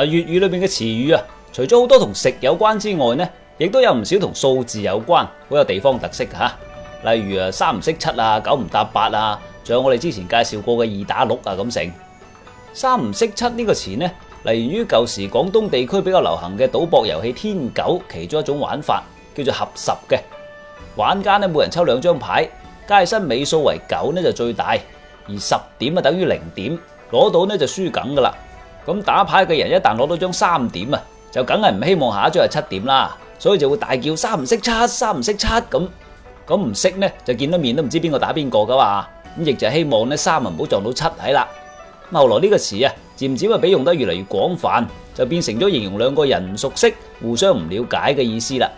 啊！粵語裏面嘅詞語啊，除咗好多同食有關之外呢，亦都有唔少同數字有關，好有地方特色吓。例如啊，三唔識七啊，九唔搭八啊，仲有我哋之前介紹過嘅二打六啊咁成。三唔識七呢個詞呢，嚟源於舊時廣東地區比較流行嘅賭博遊戲天九其中一種玩法，叫做合十嘅。玩家呢，每人抽兩張牌，加身尾數為九呢就最大，而十點啊等於零點，攞到呢就輸緊㗎喇。咁打牌嘅人一旦攞到張三點啊，就梗係唔希望下一張係七點啦，所以就會大叫三唔識七，三唔識七咁，咁唔識呢，就見到面都唔知邊個打邊個噶嘛，咁亦就希望呢三唔好撞到七係啦。咁後來呢個詞啊，漸漸啊俾用得越嚟越廣泛，就變成咗形容兩個人唔熟悉、互相唔了解嘅意思啦。